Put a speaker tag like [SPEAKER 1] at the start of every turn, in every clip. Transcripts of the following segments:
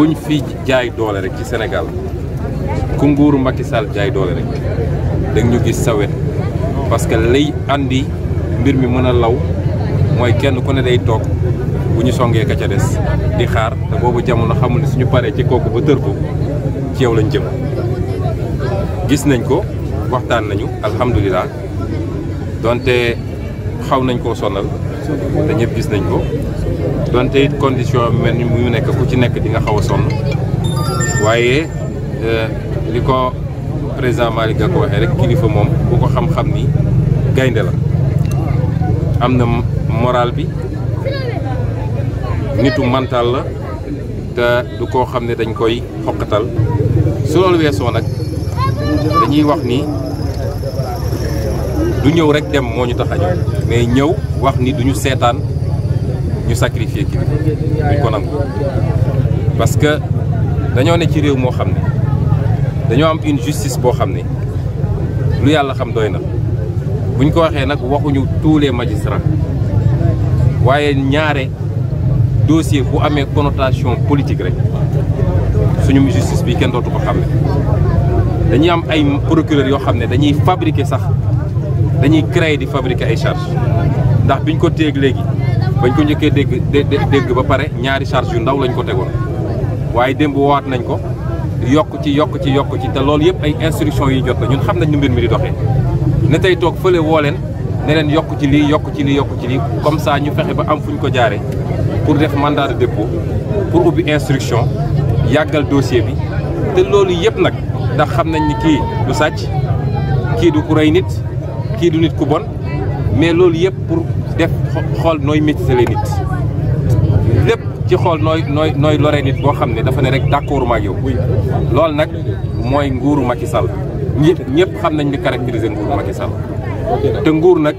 [SPEAKER 1] kuñ fi jaay doole rek ci Sénégal ku nguuru Macky Sall jaay doole rek da ñu gis sa wet parce que lay andi mbir mi mën a law mooy kenn ku ne day toog bu ñu songee ka ca des di xaar te boobu jamono xamul suñu paree ci kooku ba tër ko ci yow lañ jëm gis nañ ko waxtaan nañu alhamdulilah donte xaw nañ koo sonal te ñëpp gis nañ ko donte it condition mel ni mu nekk ku ci nekk di nga xaw a sonn waaye euh, li ko président Malick Gakou waxee rek kilifa moom ku ko xam-xam ni gaynde la am na moral bi
[SPEAKER 2] nitu mental
[SPEAKER 1] la te du koo xam ne dañ koy xoqatal su loolu weesoo nag dañuy wax ni du ñëw rek dem moo ñu tax a ñëw mais ñëw wax ni duñu seetaan ñu sacrifier kii duñ ko nangu parce que dañoo ne ci réew moo xam ne dañoo am une justice boo xam ne lu yàlla xam doy na buñ ko waxee nag waxuñu tous les magistrats waaye ñaare dossier bu amee connotation politique rek suñu justice bi kenn dootu ko xam ne dañuy am ay procureurs yoo xam ne dañuy fabriquer sax dañuy créer di fabriquer ay charge ndax biñ ko téeg léegi bañ ko njëkkee dégg dégg ba pare ñaari charge yu ndaw lañ ko tegoon waaye démb wawaat nañ ko yokk ci yokk ci yokk ci te loolu yëpp ay instructions yu jot la ñun xam nañ nu mbir mi di doxee ne tey toog fële woo leen ne leen yokk ci lii yokk ci lii yokk ci lii comme ça ñu fexe ba am fu ñu ko jaare pour def mandat de dépôt pour ubbi instruction yàggal dossier bi te loolu yëpp nag ndax xam nañ ni kii du sàcc kii ku rey nit kii du nit ku bon mais loolu yep pour def xool nooy métisale nit lépp ci xol noy noy nooy lore nit bo xamné dafa né rek d'accord ma yow loolu nak moy nguuru Macky Sall ñepp ñëpp xam nañ ni caractériser nguuru Macky Sall te nguur nak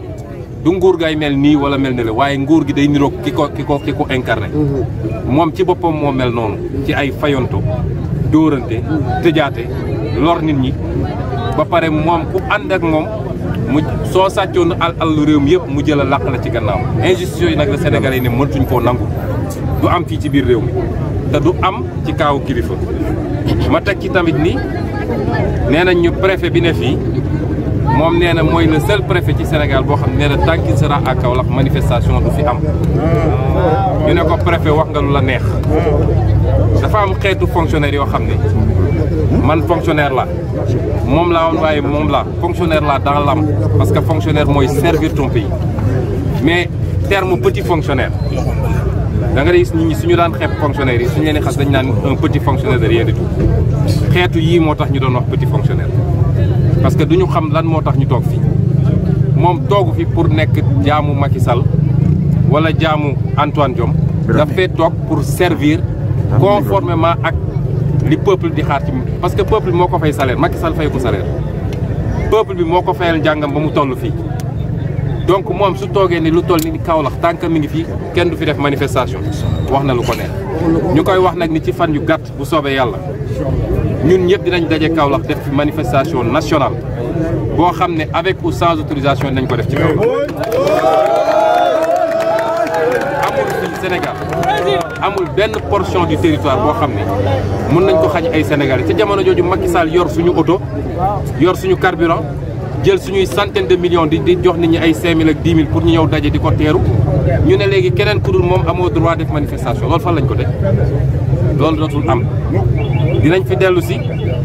[SPEAKER 1] du nguur gay mel ni wala mel ne la waaye nguur gi day niroog kiko kiko kiko incarner mom ci boppam mo mel non ci ay fayonto dóorante tejaté lor nit ñi ba paré mom ku and ak mom mu soo sàccoon al alalu réew mi yëpp mu jël a làq la ci gannaaw injustice yooyu nag la sénégalais yi ne mëntuñ koo nangu du am fii ci biir réew mi te du am ci kaawu kilifa ma teg ci tamit ni nee nañ ñu bi ne fii moom nee na mooy le seul préfet ci Sénégal boo xam ne nee na tant qu'il sera à Kaolack manifestation du fi am ñu ne ko préfet wax nga lu la neex dafa am xeetu fonctionnaire yoo xam ne man fonctionnaire la moom laa woon waaye moom la fonctionnaire la dans l'âme parce que fonctionnaire mooy servir ton pays mais terme petit fonctionnaire da nga gis nit ñi suñu daan xeeb fonctionnaire yi suñu leen di xas dañu naan un petit fonctionnaire de rien du tout xeetu yii moo tax ñu doon wax petit fonctionnaire parce que duñu xam lan moo tax ñu tok fi mom togu fi pour nek jaamu Macky Sall wala jaamu Antoine Diom da fay tok pour servir conformément ak li peuple di xaar ci parce que peuple moko fay salaire Macky Sall fay ko salaire peuple bi moko fayal jangam ba mu toll fi donc mom su toogee ni lu toll ni Kaolack tànk mi ngi fii kenn du fi def manifestation wax na lu ko neex ñukoy wax nak ni ci fan yu gatt bu soobee yalla ñun ñëpp dinañ dajé Kaolack def fi manifestation nationale bo xamné avec ou sans autorisation dañ ko def ci Kaolack amul fii Sénégal amul benn portion du territoire bo xamné mën nañ ko xañ ay Sénégalais ci jamono joju Macky Sall yor suñu auto yor suñu carburant jël suñuy centaine de millions di di jox nit ñi ay 5000 ak 10000 pour ñu ñëw dajé di ko teeru ñu ne léegi keneen ku dul moom amoo droit def manifestation loolu fan lañ ko teg loolu dootul am dinañ fi dellu si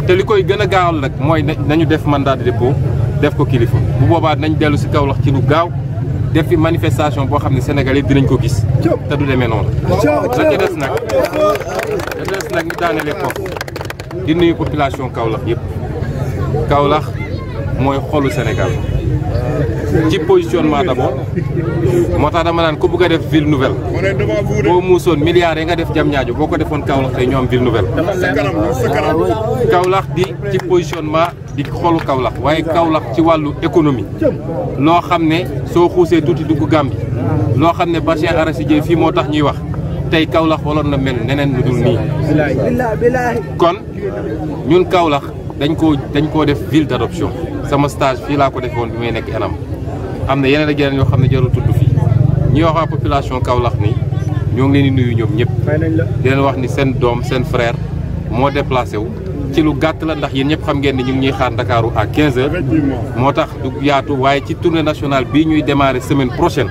[SPEAKER 1] te li koy gën a gaawal nag mooy nañu def mandat de def ko kilifa bu boobaa nañ dellu si Kaolack ci lu gaaw def fi manifestation boo xam ne Sénégalais dinañ ko gis te du demee noonu la ca des nag ca des nag ñu daanelee ko di nuyu population Kaolack yëpp Kaolack mooy xolu Sénégal ci positionnement d'abord moo tax dama naan ko bëgg a def ville nouvelle boo muusoon milliards yi nga def jam ñaajo boo ko defoon Kaolack tey ñu am ville nouvelle Kaolack di ci positionnement di xoolu Kaolack waaye Kaolack ci wàllu économie loo xam ne soo xuusee tuuti dugg Gambie loo xam ne bassin arachidier fii moo tax ñuy wax tey Kaolack waroon na mel neneen lu dul nii kon ñun kawlax dañ koo dañ koo def ville d'adoption sama stage fii laa ko defoon bi may nekk enam am na yeneen ak yeneen yoo xam ne jarul tudd fii ñi wax waa population Kaolack ni ñoo ngi leen di nuyu ñoom ñëpp di leen wax ni seen doom seen frère moo déplacé wu ci lu gàtt la ndax yéen ñëpp xam ngeen ni ñu ngi ñuy xaar Ndakaaru à 15 heures moo tax du yaatu waaye ci tournée nationale bi ñuy démarrer semaine prochaine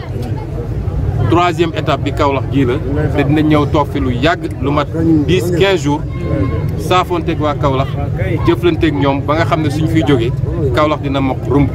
[SPEAKER 1] troisième étape bi Kaolack gii la te dina ñëw toog fi lu yàgg lu mat 10 15 jours saafonteeg waa Kaolack jëflanteeg ñoom ba nga xam ne suñ fiy jógee Kaolack dina mokk rumb